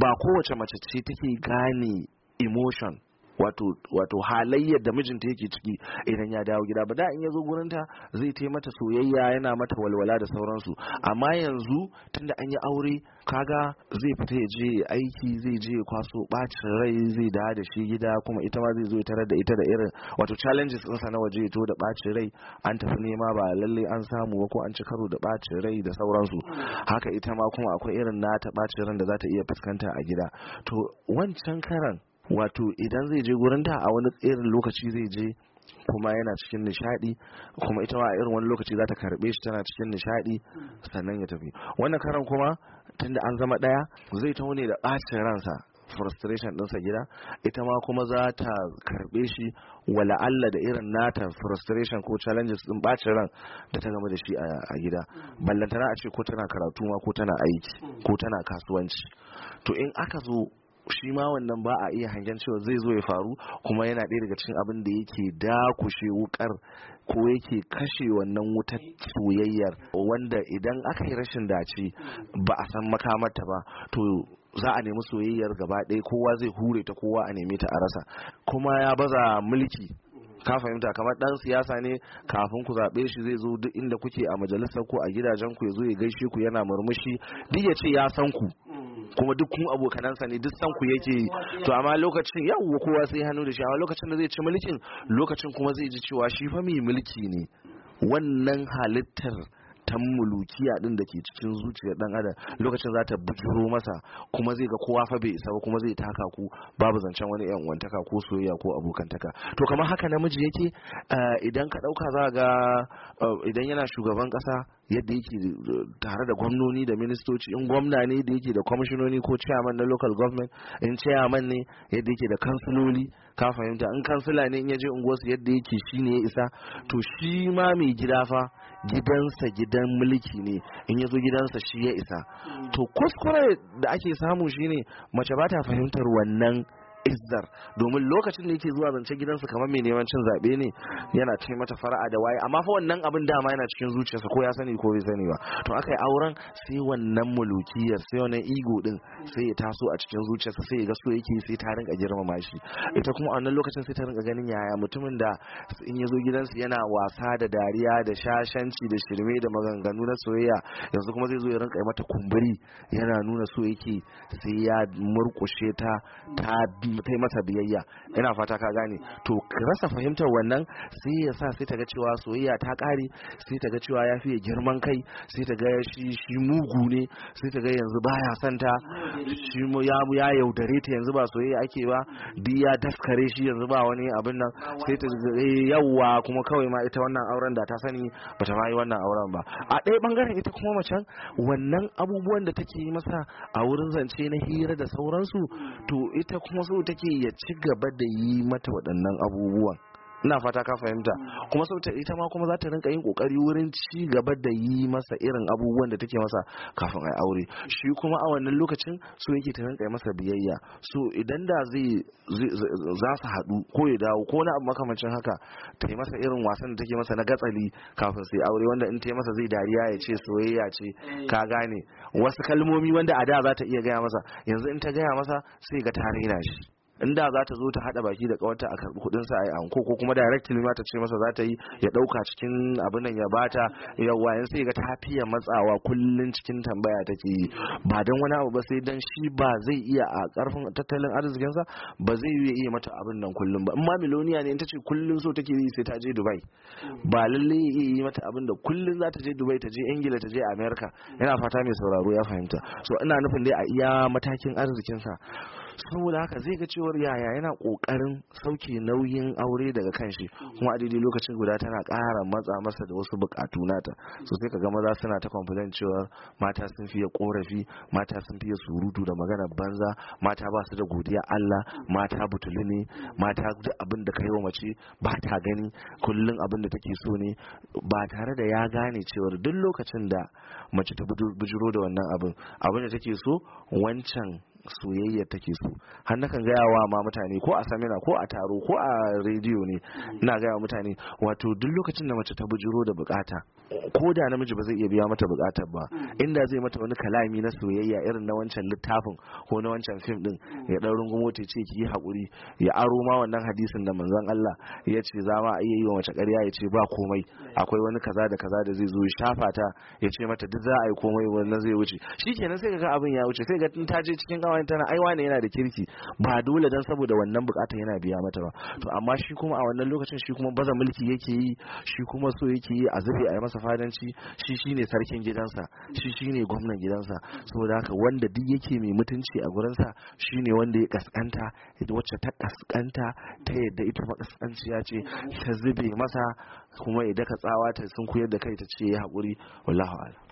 ba kowace mace ce take gane emotion wato halayyar da mijinta yake ciki idan ya dawo gida ba da in ya zo ta zai taimata mata soyayya yana mata walwala da sauransu amma yanzu tunda an yi aure kaga zai fita ya je aiki zai je kwaso bacin rai zai dawo da shi gida kuma ita ma zai zo tarar da ita da irin wato challenges sa na waje to da bacin rai an tafi nema ba lalle an samu ba ko an ci karo da bacin rai da sauransu haka ita ma kuma akwai irin nata bacin rai da za ta iya fuskanta a gida to wancan karan wato idan zai je gurin da a wani irin lokaci zai je kuma yana cikin nishadi kuma ita ma a irin wani lokaci za ta karbe shi tana cikin nishadi sannan ya tafi wannan karan kuma tunda an zama daya zai taune ne da bacin ransa frustration ɗinsa gida ita ma kuma za ta karbe shi wala'alla da irin nata frustration ko challenges ɗin bacin ran da ta game da shi a gida ballantana a ce ko tana karatu ma ko tana aiki ko tana kasuwanci to in aka zo shi ma wannan ba a iya hangen cewa zai zo ya faru kuma yana ɗaya daga cikin abin da yake dakushe wukar ko yake kashe wannan wutar soyayyar wanda idan aka yi rashin dace ba a san makamarta ba to za a nemi soyayyar gaba ɗaya kowa zai hure ta kowa a nemi ta a rasa kuma ya baza mulki ka fahimta kamar dan siyasa ne kafin ku zaɓe shi zai zo duk inda kuke a majalisar ku a gidajen ku ya zo ya gaishe ku yana murmushi duk ya ce ya san ku kuma duk kun abokanansa ne duk san ku yake to amma lokacin yawo kowa sai hannu da shi amma lokacin da zai ci mulkin lokacin kuma zai ji cewa shi fa mai mulki ne wannan halittar cutan mulukiya din da ke cikin zuciyar dan adam lokacin za ta bujiro masa kuma zai ga kowa fa bai isa ba kuma zai taka ku babu zancen wani yan wantaka ko soyayya ko abokantaka to kamar haka namiji yake eh, idan ka dauka za ga eh, idan yana shugaban kasa yadda yake eh, tare da gwamnoni da ministoci in gwamna ne da yake da kwamishinoni ko chairman na local government in chairman ne yadda yake da kansiloli ka fahimta in kansila ne in yaje unguwarsu yadda yake shine ya isa to shi ma mai gida fa gidansa gidan mulki ne in ya zo gidansa shi ya isa hmm. to kuskure da ake samu shine mace ba ta fahimtar wannan izzar domin lokacin da yake zuwa zance gidansa kamar mai neman cin zaɓe ne yana ce mata fara'a da waye amma fa wannan abin dama yana cikin zuciyarsa ko ya sani ko bai sani ba to aka yi auren sai wannan mulukiyar sai wannan ego din sai ya taso a cikin zuciyarsa sai ya ga so yake sai ta rinka girmama shi ita kuma a wannan lokacin sai ta rinka ganin yaya mutumin da in ya zo gidansa yana wasa da dariya da shashanci da shirme da maganganu na soyayya yanzu kuma zai zo ya rinka mata kumburi yana nuna so yake sai ya murkushe ta ta bi ta yi masa biyayya ina fata ka gane to rasa fahimtar wannan sai ya sa sai ta ga cewa soyayya ta kare sai ta ga cewa ya fiye girman kai sai ta ga shi shi mugu ne sai ta ga yanzu baya son ta mu ya ya yaudare ta yanzu ba soyayya ake ba bi ya daskare shi yanzu ba wani abin nan sai ta eh, yawa kuma kawai ma ita wannan auren da ta sani bata ma yi wannan auren ba a ɗaya bangaren ita kuma macen wannan abubuwan da take yi masa a wurin zance na hira da sauransu to ita kuma so take ya ci gaba da yi mata waɗannan abubuwan ina fata ka fahimta kuma sau ta ita ma kuma za ta rinka yin kokari wurin ci gaba da yi masa irin abubuwan da take masa kafin a aure shi kuma a wannan lokacin su yake ta rinka masa biyayya so idan da zai za su haɗu ko ya dawo ko na abu makamancin haka ta yi masa irin wasan da take masa na gatsali kafin sai aure wanda in ta yi masa zai dariya ya ce soyayya ce ka gane wasu kalmomi wanda a da za ta iya gaya masa yanzu in ta gaya masa sai ga ta na shi inda za ta zo ta hada baki da kawanta a karbi kudin sa ai anko ko kuma directly ma ta ce masa za ta yi ya dauka cikin abin nan ya bata yawa yan sai ga ta fiye matsawa kullun cikin tambaya take yi ba dan wani abu ba sai dan shi ba zai iya a karfin tattalin arzikin sa ba zai iya mata abin nan kullun ba amma miloniya ne in ta ce kullun so take yi sai ta je Dubai ba lalle ya iya yi mata abin da kullun za ta je Dubai ta je Ingila ta je America yana fata mai sauraro ya fahimta so ina nufin dai a iya matakin arzikin sa saboda haka zai ga cewar yaya yana kokarin sauke nauyin aure daga kan shi kuma a daidai lokacin guda tana ƙara matsa masa da wasu bukatu nata so sai ka ga maza suna ta complain cewa mata sun fiye korafi mata sun fiye surutu da magana banza mata ba su da godiya Allah mata butulu ne mata duk abin da kai wa mace ba ta gani kullum abin da take so ne ba tare da ya gane cewar duk lokacin da mace ta bujiro da wannan abin abin da take so wancan soyayya take so har nakan gaya wa ma mutane ko a samina ko a taro ko a rediyo ne ina gaya wa mutane wato duk lokacin da mace ta bujiro da bukata ko da namiji ba zai iya biya mata bukatar ba mm. inda zai mata wani kalami na soyayya irin na wancan littafin ko na wancan fim din mm. ya dan rungumo ta ce ki yi hakuri ya aro ma wannan hadisin da manzon Allah ya ce za ma iya yi wa mace ƙarya ya ce ba komai akwai wani kaza da kaza da zai zo ya shafa ta ya ce mata duk za a yi komai wannan zai wuce shikenan sai ga abin ya wuce sai ga tun ta je cikin wani tana ai wani yana da kirki ba dole dan saboda wannan bukatar yana biya mata ba to amma shi kuma a wannan lokacin shi kuma baza mulki yake yi shi kuma so yake yi a zube a yi masa fadanci shi shine sarkin gidansa shi shine gwamnan gidansa saboda haka wanda duk yake mai mutunci a gurinsa shine wanda ya kaskanta wacce ta kaskanta ta yadda ita makaskanciya ce ta zube masa kuma idan ka tsawa ta sunku yadda da kai ta ce ya haƙuri wallahu a'lam